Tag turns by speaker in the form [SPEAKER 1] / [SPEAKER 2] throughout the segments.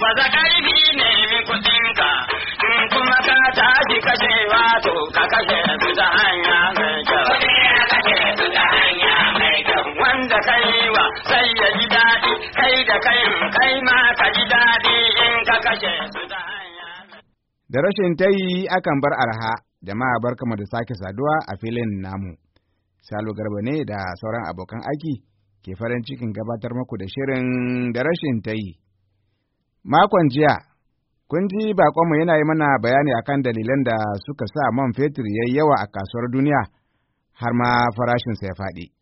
[SPEAKER 1] Baza ƙarfi nemi kuɗinka, in kuma ka tashi kashe wato ka kashe su hanya mai kyau. kashe su hanya mai kyau. Wanda ka yi wa sai ya ji daɗi, kai da kai kai ma ka ji daɗi in ka kashe su hanya Da rashin tayi akan bar arha, jama'a barkamu da sake saduwa a filin namu. Salo Garba ne da sauran abokan aiki ke farin cikin gabatar muku da shirin da rashin tayi. Makon jiya, kun ji bakonmu yana yi mana bayani akan dalilan da suka sa man fetur ya yi yawa a kasuwar duniya har ma farashinsa ya faɗi.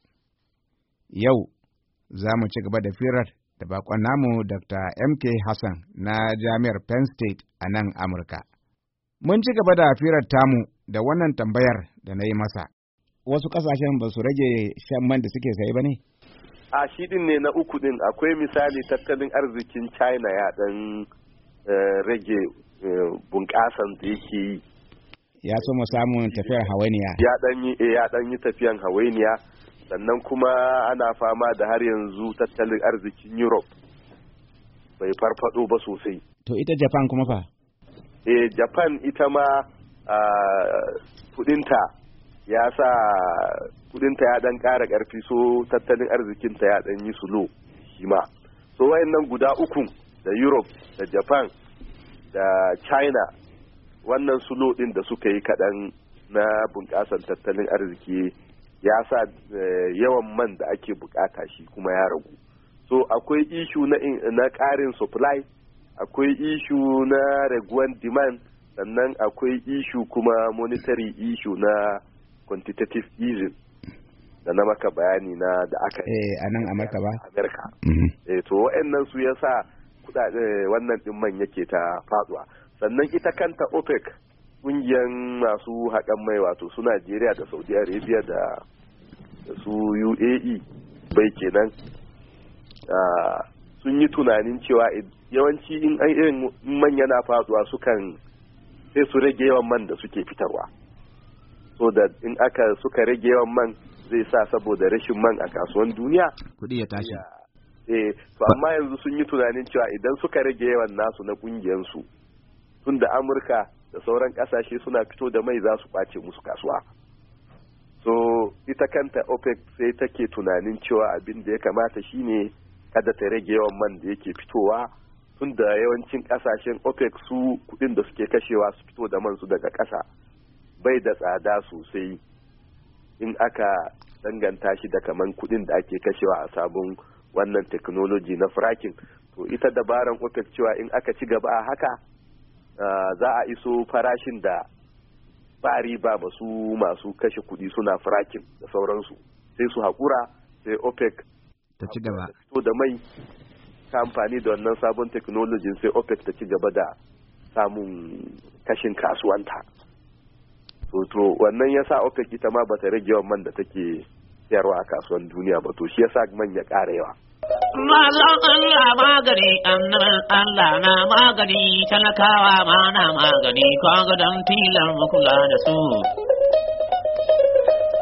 [SPEAKER 1] Yau, za mu ci gaba da firar da bakon namu Dr. MK Hassan na Jami'ar Penn State a nan Amurka. Mun ci gaba da firar tamu da wannan tambayar da na yi masa. Wasu ƙasashen ba su rage shan man da suke sai ba ne?
[SPEAKER 2] a shi din ne na uku din akwai misali tattalin arzikin china ya dan eh, rage eh, bunƙasan da yake
[SPEAKER 1] yi ya soma samun tafiyar hawainiya ya
[SPEAKER 2] dan yi eh, ya dan yi tafiyan hawainiya sannan kuma ana fama da har yanzu tattalin arzikin europe bai farfado ba sosai
[SPEAKER 1] to ita japan kuma fa
[SPEAKER 2] eh japan ita ma ah, kudinta ya sa kudinta ya dan kara ƙarfi so tattalin arzikinta ya dan yi sulo shi ma so wayannan guda uku da europe da japan da china wannan sulo din da suka yi kaɗan na bunƙasar tattalin arziki ya sa eh, yawan man da ake bukata shi kuma ya ragu so akwai ishu na, na ƙarin supply akwai ishu na raguwan demand sannan akwai ishu kuma monetary ishu na quantitative easing da na maka bayani na da aka
[SPEAKER 1] yi eh, a nan amurka ba
[SPEAKER 2] amurka mm-hmm. eh to wa'annan su yasa kudade eh, wannan din man yake ta faduwa sannan ita kanta OPEC kungiyar masu haƙan mai wato su Najeriya da Saudi Arabia da su UAE bai kenan ah, sun yi tunanin cewa yawanci in an irin faduwa sukan sai su rage yawan man da suke fitarwa so da in aka suka rage yawan man zai sa saboda rashin man a kasuwan duniya kuɗi ya tashi eh to amma yanzu sun yi tunanin cewa idan suka rage yawan nasu na su tun da amurka da sauran kasashe suna fito da mai za su kwace musu kasuwa so ita kanta opec sai take tunanin cewa abin da ya kamata shine kada ta rage yawan man da yake fitowa tun da yawancin kasashen opec su kudin da suke kashewa su fito da man su daga kasa bai da tsada sosai in aka danganta shi da kaman kuɗin da ake kashewa a sabon wannan teknoloji na fracking to ita dabaran opec cewa in aka ci gaba a haka za a iso farashin da ba riba ba su masu kashe kuɗi suna fracking da sauransu sai su haƙura sai opec ta ci gaba to da mai ta amfani da wannan sabon technology sai opec ta ci gaba da samun kashin kasuwanta so to wannan yasa OPEC ita ma bata rage yawan man da take sayarwa a kasuwan duniya ba to shi yasa man ya ƙara yawa
[SPEAKER 1] Mazan Allah magani, annaban Allah na magani, talakawa ma na magani, kaga don tilar makula da su.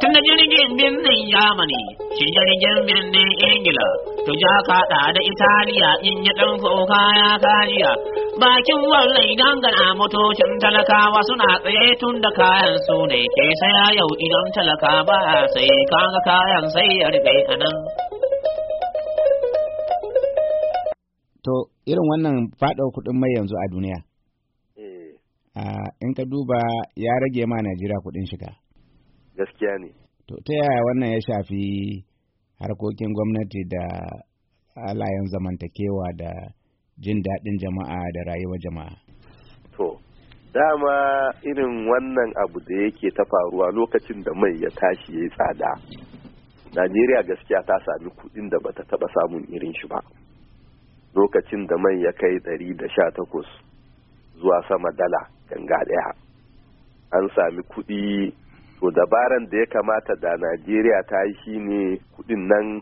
[SPEAKER 1] Tun jirgin birnin Yamani, shi jirgin birnin Ingila, ja kaɗa da Italiya in yi ɗan kaya ya kariya, bakin wannan idan gana motocin talakawa suna tsaye tun da kayan su ne ke saya yau idan talaka ba sai kaga kayan sai ya rufe a To, irin wannan faɗar kuɗin mai yanzu a duniya.
[SPEAKER 2] Eh.
[SPEAKER 1] In ka duba ya rage ma Najeriya kuɗin shiga. Gaskiya ne. To, ta yaya wannan ya shafi harkokin gwamnati da halayen zamantakewa da jin daɗin jama'a da rayuwar jama'a.
[SPEAKER 2] To, dama irin wannan abu da yake ta faruwa lokacin da mai ya tashi ya yi tsada. Najeriya gaskiya ta sami kuɗin da bata taɓa samun irin shi ba. Lokacin da mai ya kai ɗari da sha takwas zuwa sama dala ganga ɗaya. An sami kuɗi to dabaran da ya kamata da Najeriya ta yi ne kuɗin nan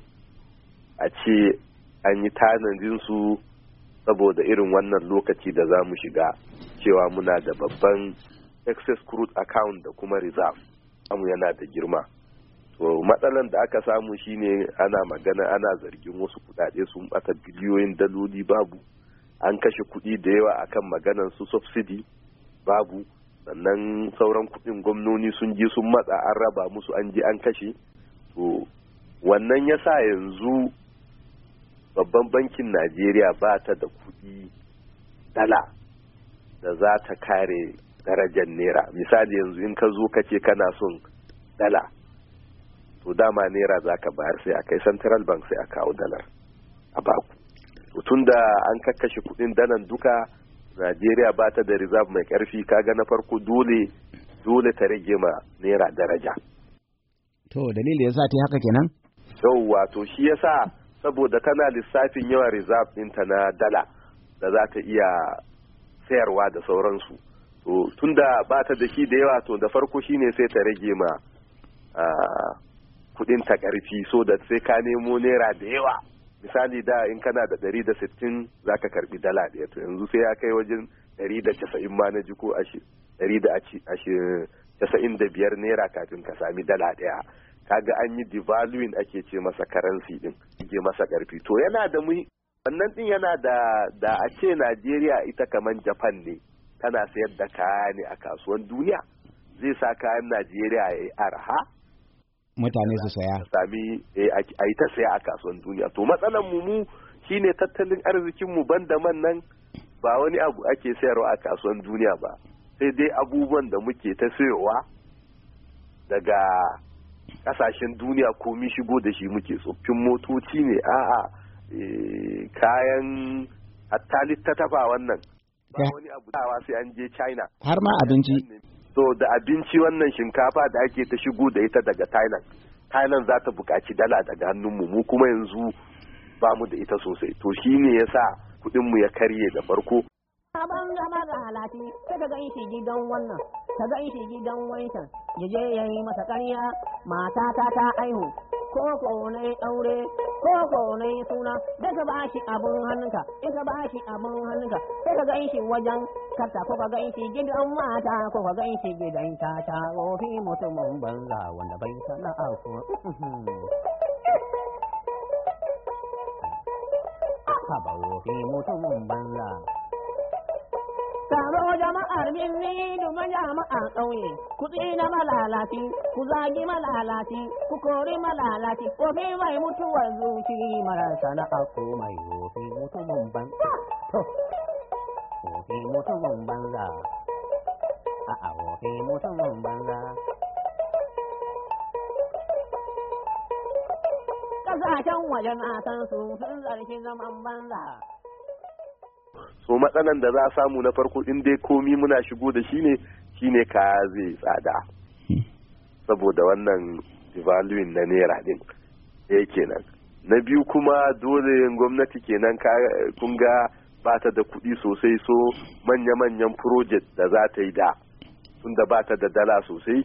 [SPEAKER 2] a ce an yi tanadin saboda irin wannan lokaci da za mu shiga cewa muna da babban excess crude account da kuma reserve amu yana da girma to matsalan da aka samu shine ana magana ana zargin wasu kudade sun bata biliyoyin daloli babu an kashe kuɗi da yawa akan maganan su subsidy babu sannan sauran kuɗin gwamnoni sun ji sun matsa an raba musu an ji an kashe to wannan yasa yanzu babban bankin najeriya ba ta da kuɗi dala da za ta kare darajar naira misali yanzu in ka zo ka ce kana son dala to dama naira za ka bayar sai a kai central bank sai a kawo dalar a baku tun da an kakkashe kuɗin dalan duka najeriya ba ta da reserve mai karfi kaga na farko dole dole ta rage ma naira daraja
[SPEAKER 1] to dalilin ya sa ta yi haka kenan
[SPEAKER 2] yauwa to shi yasa saboda tana lissafin yawan reserve ɗinta na dala da za ta iya sayarwa da sauransu to tunda ba ta da shi da yawa to da farko shine sai ta rage ma kudin ta karfi so da sai ka nemo naira da yawa misali da in kana da ɗari da sittin za ka karbi dala ɗaya to yanzu sai ya kai wajen ɗari da casa'in ma na ji ko ɗari da casa'in da biyar naira kafin ka sami dala ɗaya kaga an yi devaluing ake ce masa karansi din ke masa karfi to yana da mu wannan din yana da da a ce Najeriya ita kaman Japan ne tana sayar da kaya ne a kasuwan duniya zai sa kayan Najeriya ya yi arha
[SPEAKER 1] mutane su saya
[SPEAKER 2] sami eh, a yi ta saya a kasuwan duniya to matsalan mu mu shine tattalin arzikin mu banda man nan ba wani abu ake sayarwa a kasuwan duniya ba sai dai abubuwan da muke ta sayowa daga kasashen duniya komi shigo da shi muke tsoffin motoci ne a'a eh, kayan attalit ta taba wannan ba wani abu da sai an je china har ma abinci so da abinci wannan shinkafa da ake ta shigo da ita daga thailand thailand za ta buƙaci dala daga hannunmu mu kuma yanzu ba mu da ita sosai to shi ne ya yasa kuɗinmu ya karye da farko
[SPEAKER 1] malalaci sai ka gan shi gidan wannan ka gan shi gidan wancan ya je ya yi masa ƙarya mata ta ta aihu ko ko ne aure ko ko ne suna da ka ba shi abun hannunka in ka ba shi abun hannunka
[SPEAKER 2] sai ka gan shi wajen karta ko ka gan shi gidan mata ko ka gan shi gidan ta ofi mutumin banza wanda bai sana'a
[SPEAKER 1] ko ba wofi mutumin banza Taro jama'ar birni duma jama'a ƙauye, ku na malalati ku zagi malalati ku kori malalati ko mai mutuwar zuci mara sana'a ko mai wofi mutumin banza. To, wofi mutumin banza, a'a wofi mutumin banza.
[SPEAKER 2] Kasashen wajen asan su sun zarfi zaman banza. so matsalan da za a samu na farko in dai komi muna shigo da shi ne shine kaya zai tsada hmm. saboda wannan devaluing na naira din ɗaya kenan na biyu kuma dole gwamnati kenan kun ga ba ta da kuɗi sosai so manya-manyan project da za ta yi da tunda ba ta da dala sosai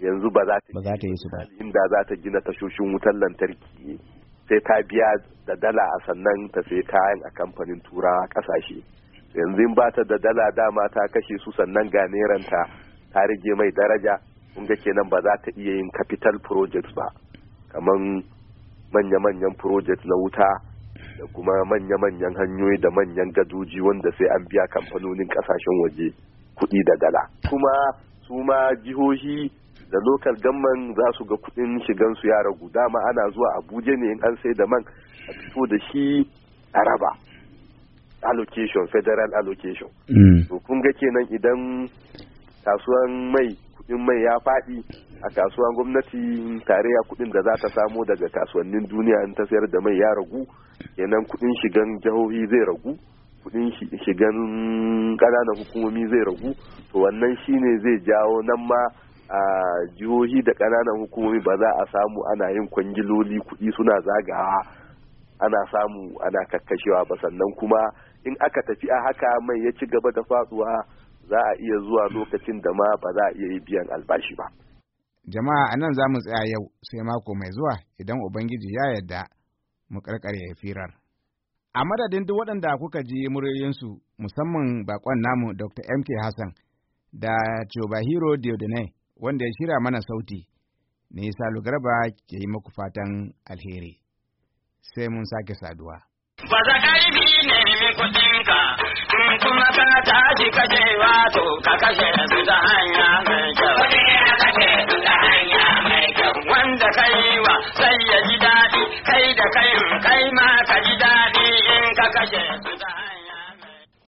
[SPEAKER 2] yanzu ba za ta yi su ba inda za ta gina tashoshin wutar lantarki sai ta biya da dala a sannan ta sai kayan a kamfanin turawa kasashe yanzu ba ta da dala dama ta kashe su sannan ga neranta ta rage mai daraja kun ga kenan ba za ta iya yin capital projects ba kamar manya-manyan projects na wuta da kuma manya-manyan hanyoyi da manyan gadoji wanda sai an biya kamfanonin kasashen waje kuɗi da dala kuma su ma jihohi da local gamman za su ga kudin shigansu ya ragu dama ana zuwa abuja ne in an sai da man a fito da shi a raba allocation federal allocation mm. to kun ga kenan idan kasuwan mai kudin mai ya faɗi a kasuwan gwamnati tarayya kudin da za ta samo daga kasuwannin duniya in ta sayar da mai ya ragu kenan kudin shigan jihohi zai ragu kudin shigan ƙananan hukumomi zai ragu to wannan shine zai jawo nan ma a jihohi da ƙananan hukumomi ba za a samu ana yin kwangiloli kuɗi suna zagawa ana samu ana kakkashewa ba sannan kuma in aka tafi a haka mai ya ci gaba da faduwa za a iya zuwa lokacin da ma ba za a iya yi biyan albashi ba.
[SPEAKER 1] Jama'a a nan za mu tsaya yau sai mako mai zuwa idan Ubangiji ya yarda mu karkare firar. A madadin duk waɗanda kuka ji muryoyinsu musamman bakon namu Dr. MK Hassan da Chobahiro Diodene wanda ya shira mana sauti, ne Salu Garba ke yi muku fatan alheri. Sai mun sake saduwa. Baza ƙarfi ne min kuɗinka, in kuma ka tashi ka je wato ka kashe su da hanya mai kyau. Kuɗi ya kashe su ta hanya mai kyau. Wanda ka yi wa sai ya ji daɗi, kai da kai kai ma ka ji daɗi in ka kashe su ta